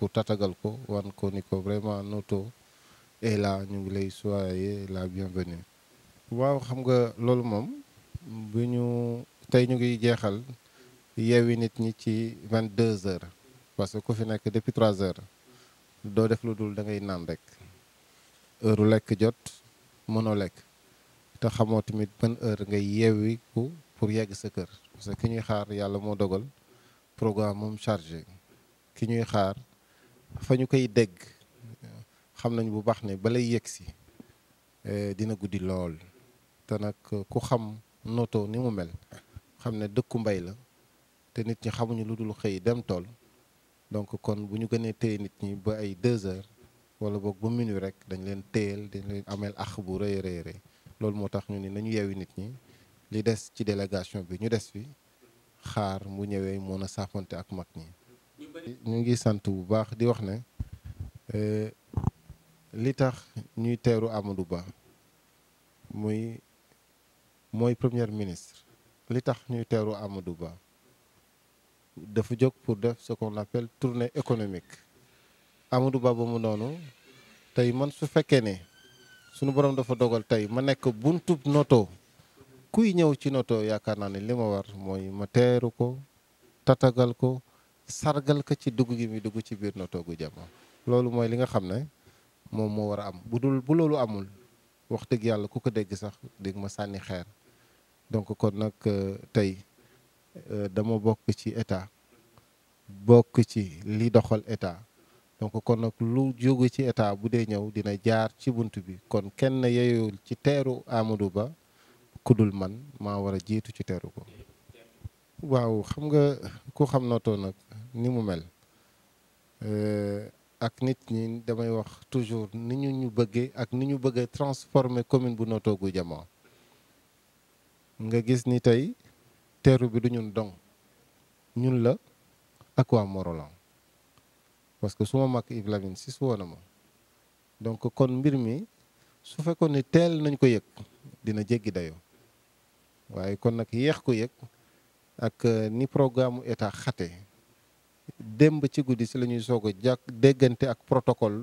pour tatagal ko wan ko ni ko vraiment Noto et là ñu ngi lay soyez la bienvenue. waaw xam nga loolu moom bi ñu tey ñu ngi jeexal yeewi nit ñi ci 22 heures parce que ku fi nekk depuis 3 heures doo def lu dul da ngay naan rek heure lekk jot mënoo lekk te xamoo tamit ban heure ngay yeewi ku pour yegg sa kër parce que ki ñuy xaar yàlla moo dogal programme moom chargé ki ñuy xaar fa ñu koy dégg xam nañu bu baax ne balay yegg si eh, dina guddi lool te nag eh, ku xam noto ni mu mel xam ne dëkku mbay la te nit ñi xamuñu lu dul xëy dem tool donc kon bu ñu gënee téye nit ñi ba ay deux heures wala boog ba minuit rek dañ leen téyel dañ leen ameel ax bu rëy rëy loolu moo tax ñu ni nañu yeewi nit ñi li des ci délégation bi ñu des fi xaar mu ñëwee mën na saafante ak mag ñi ñu ngi sant bu baax di wax ne euh, li tax ñuy teeru Amadou Ba muy mooy premier ministre li tax ñuy teeru Amadou Ba dafa jóg pour def ce qu'on appelle tournée économique Amadou Ba ba mu noonu tey man su fekkee ne sunu borom dafa dogal tey ma nekk buntub noto kuy ñëw ci noto yaakaar naa ne li ma war mooy ma teeru ko tatagal ko sargal ko ci dugg gi dugg ci biir Notto Gu Diama loolu mooy li nga xam ne moom moo war a am bu dul bu loolu amul wax dëgg yàlla ku ko dégg sax dégg ma sànni xeer donc kon nag euh, tey euh, dama bokk ci état bokk ci li doxal état donc kon nag lu jóge ci état bu dee ñëw dina jaar ci bunt bi kon kenn yeyul ci teeru Amadou Ba ku dul man maa war a jiitu ci teeru ko waaw xam nga ku xam Notto nag ni mu mel euh, ak nit ñi damay wax toujours ni ñu ñu bëggee ak ni ñu bëggee transformer commune bu Notto Diomaw nga gis ni tey teeru bi du ñun dong ñun la ak waa Morolan parce que su ma mag Yves Lamine si su woon donc kon mbir mi su fekkoon ni teel nañ ko yëg dina jéggi dayoo waaye kon nag yéex ko yëg ak euh, ni programme état xate démb ci guddi si la ñuy soog a jàkk déggante ak protocole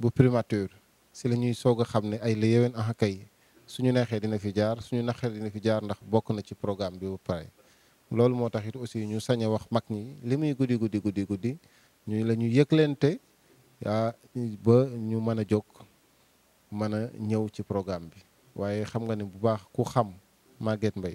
bu primature si la ñuy soog a xam ne ay la yeween ah kay suñu neexee dina fi jaar suñu naqee dina fi jaar ndax bokk na ci programme bi ba pare loolu moo tax it aussi ñu sañ a wax mag ñi li muy guddi guddi guddi guddi ñu la ñu yëglente ba ñu mën a jóg mën a ñëw ci programme bi waaye xam nga ne bu baax ku xam Maguette mbay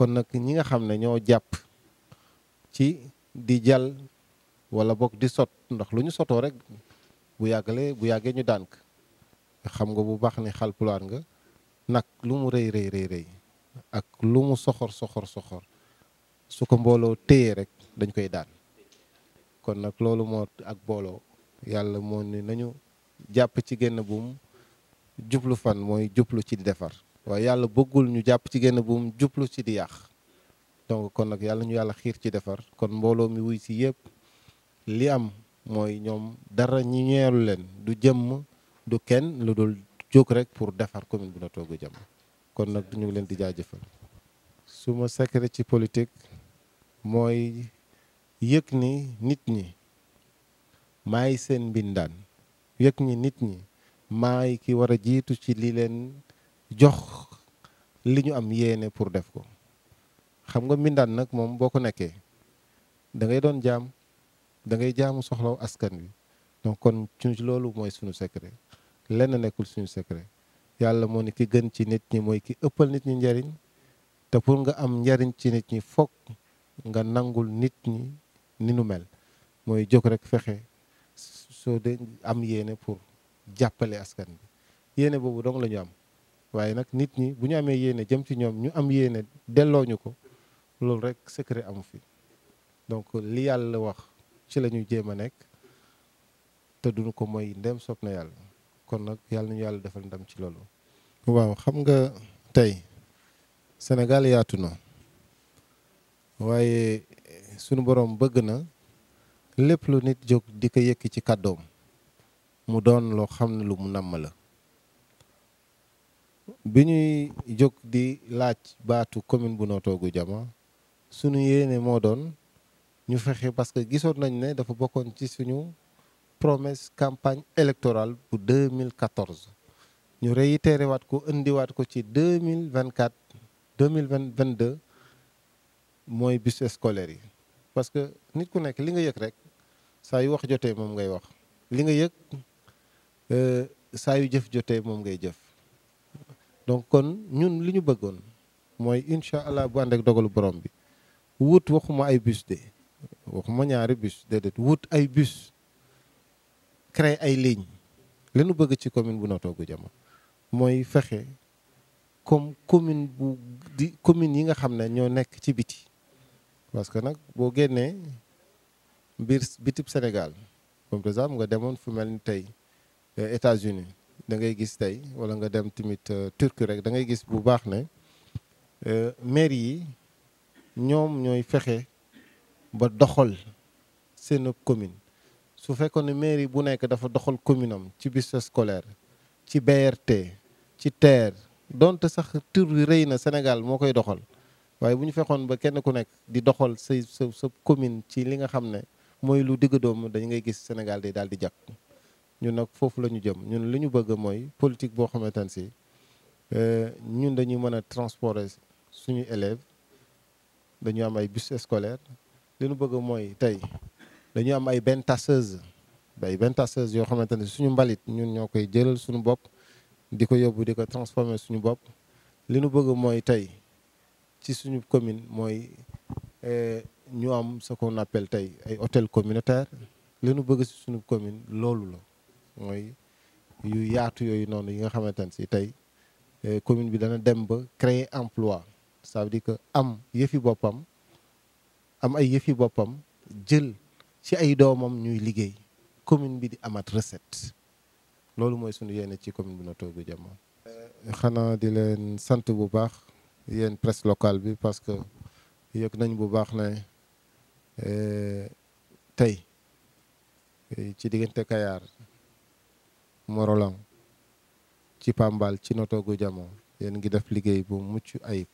kon nag ñi nga xam ne ñoo jàpp ci di jal wala bokk di sot ndax lu ñu sotoo rek bu yàggalee bu yàggee ñu dànk xam nga bu baax ni xalpulaar nga nag lu mu rëy rëy rëy ak lu mu soxor soxor soxor su ko mbooloo téyee rek dañ koy daan kon nag loolu moo ak booloo yàlla moo ni nañu jàpp ci génn buum jublu fan mooy jublu ci di defar waaye yàlla bëggul ñu jàpp ci génn bu mu jublu ci di yàq donc kon nag yàlla ñu yàlla xiir ci defar kon mbooloo mi wuy si yëpp li am mooy ñoom dara ñi ñeeru leen du jëmm du kenn lu dul jóg rek pour defar commune bu Notto Gouye Diama kon nag ñu ngi leen di jaa jaajëfal suma secret ci politique mooy yëg ni nit ñi maay seen mbindaan yëg ni nit ñi maay ki war jiitu ci li leen jox li ñu am yene pour def ko xam nga mindan nak mom boko nekké da ngay don jam da ngay jamu soxlaw askan wi donc kon ci lolu moy suñu secret lenn nekul suñu secret yalla mo ni ki gën ci nit ñi moy ki ëppal nit ñi njariñ te pour nga am njariñ ci nit ñi fokk nga nangul nit ñi ni nu mel moy jox rek fexé so de am yene pour jappalé askan bi yene bobu dong lañu am waaye nag nit ñi bu ñu amee yéene jëm ci ñoom ñu am yéene delloo ñu ko loolu rek secret amu fi donc li yàlla wax ci la ñuy jéem a nekk te duñu ko moy ndem soob na yàlla kon nag yàlla nañu yàlla defal ndam ci loolu. waaw xam nga tey Sénégal yaatu na waaye sunu borom bëgg na lépp lu nit jóg di ko yëkki ci kàddoom mu doon loo xam ne lu mu namm la. bi ñuy jóg di laaj baatu commune bu Notto Gouye Diama sunu yéene moo doon ñu fexe parce que gisoon nañ ne dafa bokkoon ci suñu promesse campagne électorale bu 2014 ñu réitéré waat ko indiwaat ko ci 2024 2022 mooy bus scolaire yi parce que nit ku nekk li nga yëg rek saa yu wax jotee moom ngay wax li nga yëg euh, saa yu jëf jotee moom ngay jëf donc kon ñun li ñu bëggoon mooy incha allah bu ànd ak dogalu borom bi wut waxuma ay bus de waxuma ñaari bus déedéet wut ay bus créer ay ligne li bëgg ci commune bu Notto Gouye Diama mooy fexe comme commune bu di commune yi nga xam ne ñoo nekk ci biti parce que nag boo génnee mbir bitib Sénégal comme par nga demoon fu mel ni tey euh, États-Unis da ngay gis tey wala nga dem tamit euh, turki rek da ngay gis bu baax ne euh, maire yi ñoom ñooy fexe ba doxal seen commune su fekkoon ne maire yi bu nekk dafa doxal commune am ci bus scolaire ci BRT ci TER donte sax tur bi rëy na Sénégal moo koy doxal waaye bu ñu fexoon ba kenn ku nekk di doxal sa sa commune ci li nga xam ne mooy lu digg doomu dañu ngay gis Sénégal day daal di jàpp. ñun nak fofu lañu jëm ñun liñu bëgg moy politique boo xamante ne si euh, ñun dañuy mëna transporter suñu élèves dañu am ay bus scolaire liñu bëgg moy tay dañu am ay ben tasseuse ay benn tasseuse yoo xamante ne suñu mbalit ñun ñokay koy jëlal suñu bop diko yobbu diko transformer suñu bop liñu bëgg moy tay ci suñu commune moy euh ñu am ce qu'on appelle tay ay hôtel communautaire liñu bëgg ci suñu commune loolu la mooy yu yaatu yooyu noonu yi nga xamante ne si tey eh, commune bi dana dem ba créer emploi ça veut dire que am yëfi boppam am ay yëfi boppam jël ci ay doomam ñuy liggéey commune bi di amat recet loolu mooy sunu yéene ci commune bi Notto Gouye eh, Diama xanaa di leen sant bu baax yéen presque locale bi parce que yëg nañ bu baax ne eh, tey ci diggante kayaar Morolan ci Pambal ci Noto Goudiamo yéen ngi def liggéey bu mucc ayib